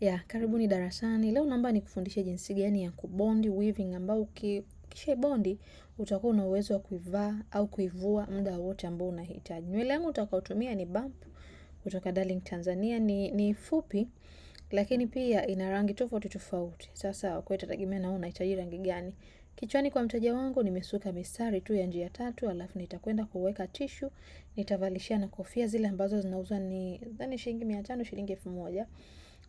Ya, karibuni darasani. Leo naomba nikufundishe jinsi gani ya kubondi weaving ambao uki bondi utakuwa una uwezo wa kuivaa au kuivua muda wote ambao unahitaji. Nywele yangu utakaotumia ni bump kutoka Darling Tanzania ni, ni fupi lakini pia ina rangi tofauti tofauti. Sasa kwa itategemea na unahitaji rangi gani. Kichwani kwa mteja wangu nimesuka mistari tu ya njia tatu alafu nitakwenda kuweka tishu, nitavalishia na kofia zile ambazo zinauzwa ni dhani shilingi mia tano shilingi elfu moja.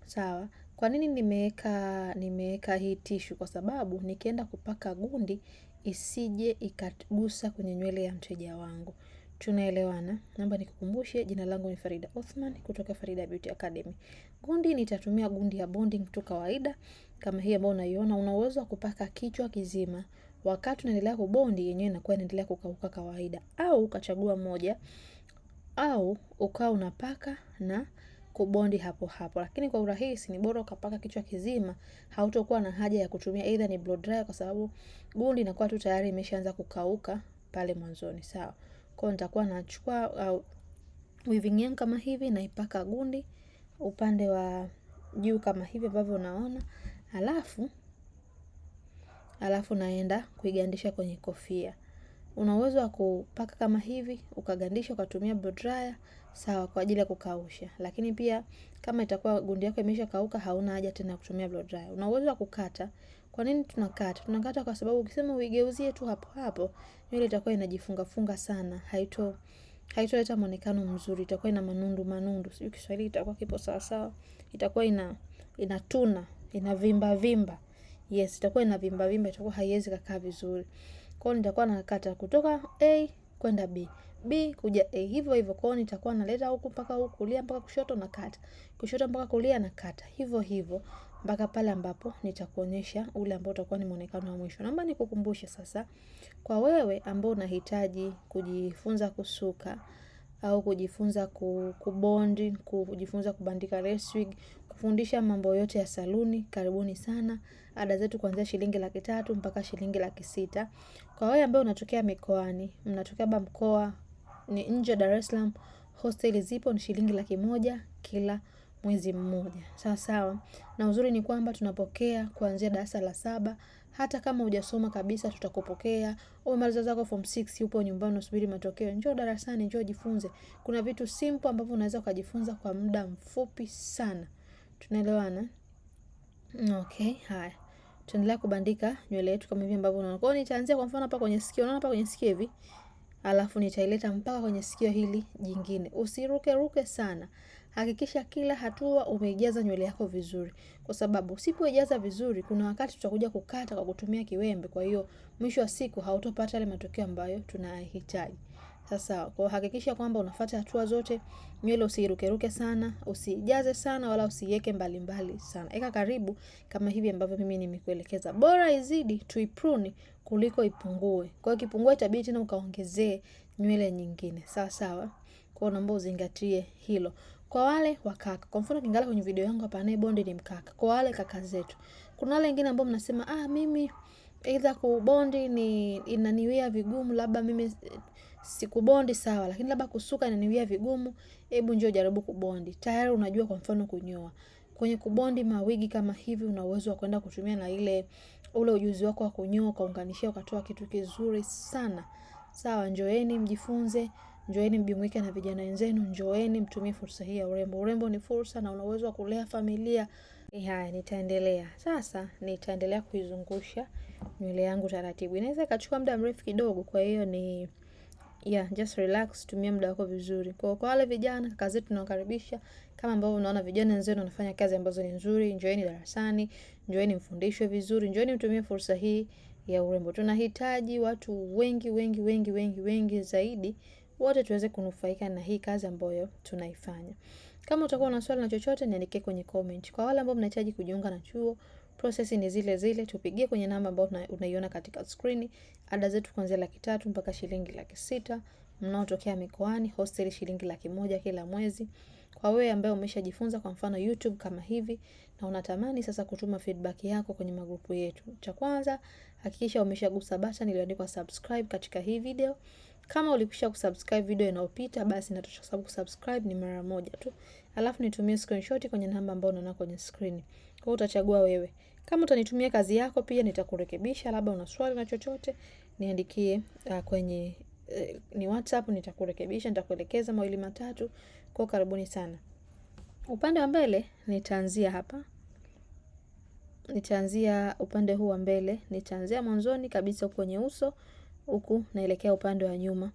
Sawa, kwa nini nimeweka nimeweka hii tishu? Kwa sababu nikienda kupaka gundi isije ikagusa kwenye nywele ya mteja wangu. Tunaelewana, naomba nikukumbushe, jina langu ni Farida Othman kutoka Farida Beauty Academy. Gundi nitatumia gundi ya bonding tu kawaida kama hii ambayo unaiona una uwezo wa kupaka kichwa kizima. Wakati unaendelea kubondi yenyewe inakuwa inaendelea kukauka kawaida au ukachagua moja au ukawa unapaka na kubondi hapo hapo, lakini kwa urahisi ni bora ukapaka kichwa kizima, hautokuwa na haja ya kutumia either ni blow dryer, kwa sababu gundi inakuwa tu tayari imeshaanza kukauka pale mwanzoni. Sawa, kwa hiyo nitakuwa nachukua uh, weaving yangu kama hivi, naipaka gundi upande wa juu kama hivi ambavyo unaona, alafu alafu naenda kuigandisha kwenye kofia. Una uwezo wa kupaka kama hivi, ukagandisha ukatumia blow dryer, sawa kwa ajili ya kukausha. Lakini pia kama itakuwa gundi yako imesha kauka, hauna haja tena kutumia blow dryer. Una uwezo wa kukata. Kwa nini tunakata? Tunakata kwa sababu ukisema uigeuzie tu hapo hapo, nywele itakuwa inajifunga funga sana. Haito haitoleta muonekano mzuri, itakuwa ina manundu manundu. Sijui Kiswahili itakuwa kipo sawa sawa. Itakuwa ina inatuna, inavimba vimba. Yes, itakuwa inavimba vimba, itakuwa haiwezi kukaa vizuri kwao hiyo nitakuwa nakata kutoka A kwenda B. B kuja A hivyo hivyo. Kwao nitakuwa naleta huku mpaka huku, kulia mpaka kushoto na kata. Kushoto mpaka kulia na kata. Hivyo hivyo mpaka pale ambapo nitakuonyesha ule ambao utakuwa ni muonekano wa mwisho. Naomba nikukumbushe sasa kwa wewe ambao unahitaji kujifunza kusuka au kujifunza kubondi, kujifunza kubandika lace kufundisha mambo yote ya saluni. Karibuni sana. Ada zetu kuanzia shilingi laki tatu mpaka shilingi laki sita. Kwa wale ambao unatokea mikoani, mnatokea ba mkoa ni nje Dar es Salaam, hosteli zipo ni shilingi laki moja kila mwezi mmoja. Sawa sawa. Na uzuri ni kwamba tunapokea kuanzia darasa la saba hata kama hujasoma kabisa tutakupokea. Umemaliza zako form 6 upo nyumbani usubiri matokeo. Njoo darasani, njoo jifunze. Kuna vitu simple ambavyo unaweza ukajifunza kwa muda mfupi sana. Tunaelewana? Okay, haya. Tutaendelea kubandika nywele yetu kama hivi ambavyo unaona. Kwa hiyo nitaanzia kwa mfano hapa kwenye sikio. Unaona hapa kwenye sikio hivi? Alafu nitaileta mpaka kwenye sikio hili jingine. Usiruke ruke sana. Hakikisha kila hatua umeijaza nywele yako vizuri, kwa sababu usipoijaza vizuri, kuna wakati tutakuja kukata kwa kutumia kiwembe. Kwa hiyo mwisho wa siku hautopata yale matokeo ambayo tunahitaji sasa kwa hakikisha kwamba unafuata hatua zote, nywele usirukeruke sana, usijaze sana wala usiweke mbali mbali sana. Eka karibu kama hivi ambavyo mimi nimekuelekeza. Bora izidi tuiprune kuliko ipungue. Kwa hiyo kipungua itabidi tena ukaongezee nywele nyingine. Sawa sawa. Kwa hiyo naomba uzingatie hilo. Kwa wale wakaka, kwa mfano kingala kwenye video yangu hapa, anaye bondi ni mkaka. Kwa wale kaka zetu, kuna wale wengine ambao mnasema ah, mimi aidha kubondi ni inaniwia vigumu labda mimi sikubondi sawa lakini labda kusuka inaniwia vigumu hebu njoo jaribu kubondi tayari unajua kwa mfano kunyoa kwenye kubondi mawigi kama hivi una uwezo wa kwenda kutumia na ile ule ujuzi wako wa kunyoa ukaunganishia ukatoa kitu kizuri sana sawa njoeni mjifunze njoeni mjumuike na vijana wenzenu njoeni mtumie fursa hii ya urembo urembo ni fursa na una uwezo wa kulea familia haya nitaendelea sasa nitaendelea kuizungusha nywele yangu taratibu. Inaweza ikachukua muda mrefu kidogo, kwa hiyo ni yeah, just relax, tumia muda wako vizuri. Kwa kwa wale vijana kaka zetu tunawakaribisha, kama ambavyo unaona vijana wenzenu wanafanya kazi ambazo ni nzuri, njoeni darasani, njoeni mfundishwe vizuri, njoeni mtumie fursa hii ya urembo. Tunahitaji watu wengi wengi wengi wengi wengi zaidi, wote tuweze kunufaika na hii kazi ambayo tunaifanya. Kama utakuwa na swali na chochote, niandikie kwenye comment. Kwa wale ambao mnahitaji kujiunga na chuo Prosesi ni zile zile, tupigie kwenye namba ambayo unaiona katika skrini. Ada zetu kuanzia laki tatu mpaka shilingi laki sita. Mnaotokea mikoani, hosteli shilingi laki moja kila mwezi. Kwa wewe ambaye umeshajifunza kwa mfano YouTube kama hivi na unatamani sasa kutuma feedback yako kwenye magrupu yetu, cha kwanza hakikisha umeshagusa button iliyoandikwa subscribe katika hii video. Kama ulikwisha kusubscribe video inayopita, basi natosha, sababu kusubscribe ni mara moja tu, alafu nitumie screenshot kwenye namba ambayo unaona kwenye screen. Kwa utachagua wewe. Kama utanitumia kazi yako pia nitakurekebisha, labda una swali na chochote, niandikie uh, kwenye uh, ni WhatsApp nitakurekebisha, nitakuelekeza mawili matatu. Kwa karibuni sana. Upande wa mbele nitaanzia hapa. Nitaanzia upande huu wa mbele, nitaanzia mwanzoni kabisa kwenye uso huku naelekea upande wa nyuma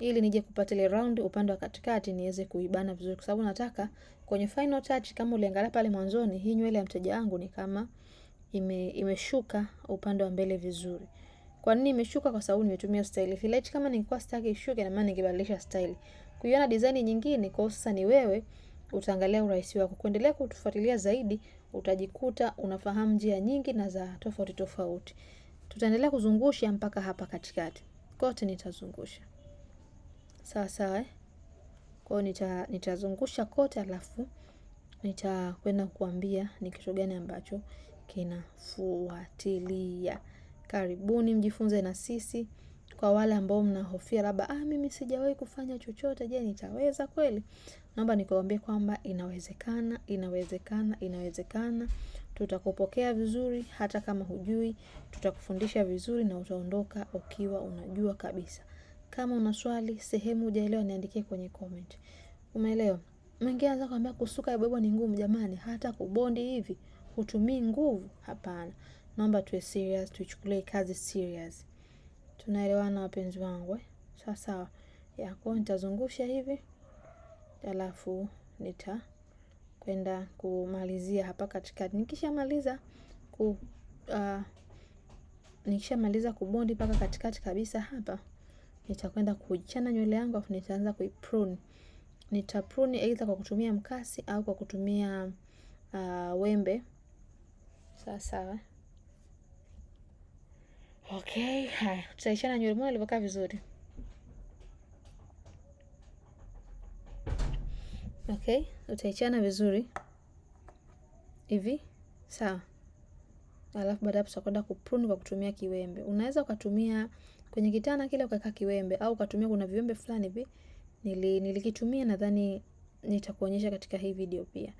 ili nije kupata ile round upande wa katikati niweze kuibana vizuri, kwa sababu nataka kwenye final touch, kama uliangalia pale mwanzoni, hii nywele ya mteja wangu ni kama ime, imeshuka upande wa mbele vizuri. Kwa nini imeshuka? Kwa sababu nimetumia style fillet. Kama ningekuwa sitaki ishuke, na maana ningebadilisha style kuiona design nyingine. Kwa sasa ni wewe utaangalia urahisi wako. Kuendelea kutufuatilia zaidi, utajikuta unafahamu njia nyingi na za tofauti tofauti. Tutaendelea kuzungusha mpaka hapa katikati kote, nitazungusha sawa sawa. Eh, Kwa hiyo nitazungusha kote, alafu nitakwenda kuambia ni kitu gani ambacho kinafuatilia. Karibuni mjifunze na sisi. Kwa wale ambao mnahofia labda, ah, mimi sijawahi kufanya chochote, je, nitaweza kweli? Naomba nikuambie kwamba inawezekana, inawezekana, inawezekana. Tutakupokea vizuri hata kama hujui, tutakufundisha vizuri na utaondoka ukiwa unajua kabisa. Kama una swali sehemu hujaelewa, niandikie kwenye comment. Umeelewa? Mwingine anaweza kuambia kusuka bebo ni ngumu. Jamani, hata kubondi hivi hutumii nguvu? Hapana. Naomba tuwe serious, tuichukulie kazi serious. Tunaelewana wapenzi wangu eh? Sawa sawa. Ya, kwa nitazungusha hivi alafu kwenda kumalizia hapa katikati. Nikishamaliza ku uh, nikishamaliza kubondi mpaka katikati kabisa hapa nitakwenda kuchana nywele yangu afu nitaanza kuiprune. Nitaprune aidha kwa kutumia mkasi au kwa kutumia uh, wembe sawa sawa. Okay, haya tutaichana nywele mwana ilivyokaa vizuri. Okay, utaichana vizuri hivi sawa alafu baada hapo tutakwenda kuprune kwa kutumia kiwembe. Unaweza ukatumia kwenye kitana kile ukaweka kiwembe au ukatumia, kuna viwembe fulani hivi nili, nilikitumia nadhani nitakuonyesha katika hii video pia.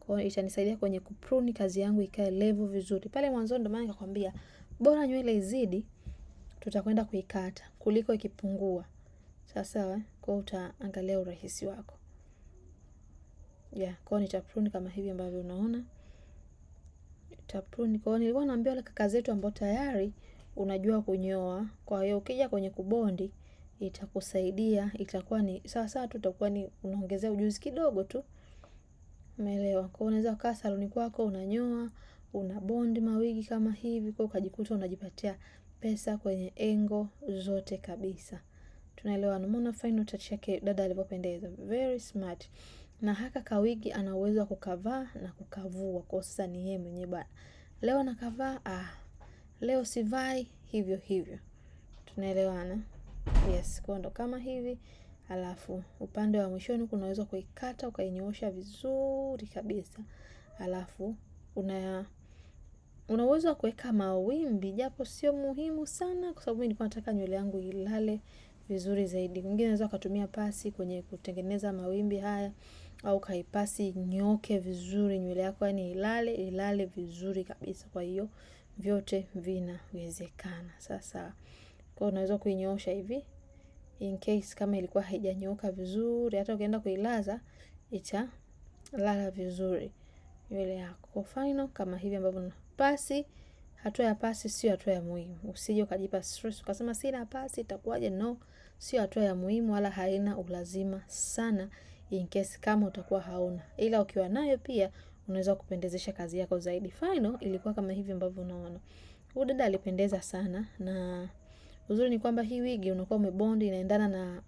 Kwa hiyo itanisaidia kwenye kuprune kazi yangu ikae level vizuri. Pale mwanzo ndo maana nikakwambia bora nywele izidi tutakwenda kuikata kuliko ikipungua. Sawa sawa, kwa utaangalia urahisi wako. Yeah, kwa nitaprune kama hivi ambavyo unaona. Pruni. Kwa hiyo nilikuwa naambia wale kaka zetu ambao tayari unajua kunyoa, kwa hiyo ukija kwenye kubondi itakusaidia, itakuwa ni sawa sawa tu, itakuwa ni unaongezea ujuzi kidogo tu, umeelewa. Kwa hiyo unaweza ukaa saluni kwako unanyoa, una bondi mawigi kama hivi, kwa ukajikuta unajipatia pesa kwenye engo zote kabisa. Tunaelewana. Umeona final touch yake dada alivyopendeza, very smart na haka kawigi ana uwezo wa kukavaa na kukavua. Kwa sasa ni yeye mwenyewe bwana, leo nakavaa, ah, leo sivai, hivyo hivyo, tunaelewana? Yes, kwa ndo kama hivi. Alafu upande wa mwishoni unaweza kuikata ukainyoosha vizuri kabisa, alafu una una uwezo wa kuweka mawimbi, japo sio muhimu sana, kwa sababu mimi nilikuwa nataka nywele yangu ilale vizuri zaidi. Mwingine anaweza kutumia pasi kwenye kutengeneza mawimbi haya au kaipasi nyoke vizuri nywele yako, yani ilale ilale vizuri kabisa. Kwa hiyo vyote vinawezekana. Sasa kwa unaweza kuinyoosha hivi in case kama ilikuwa haijanyoka vizuri, hata ukienda kuilaza lala vizuri nywele yako. Kwa final kama hivi ambavyo na pasi Hatua ya pasi sio hatua ya muhimu. Usije ukajipa stress ukasema sina pasi itakuwaje? No, sio hatua ya muhimu wala haina ulazima sana in case kama utakuwa hauna, ila ukiwa nayo pia unaweza kupendezesha kazi yako zaidi. Final ilikuwa kama hivi ambavyo unaona, huyu dada alipendeza sana, na uzuri ni kwamba hii wigi unakuwa umebondi, inaendana na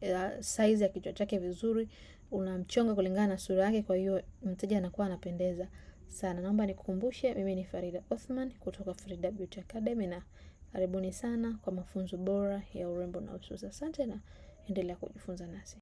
eh, size ya kichwa chake vizuri, unamchonga kulingana na sura yake. Kwa hiyo mteja anakuwa anapendeza sana. Naomba nikukumbushe, mimi ni Farida Othman kutoka Farida Beauty Academy, na karibuni sana kwa mafunzo bora ya urembo na ususi. Asante na endelea kujifunza nasi.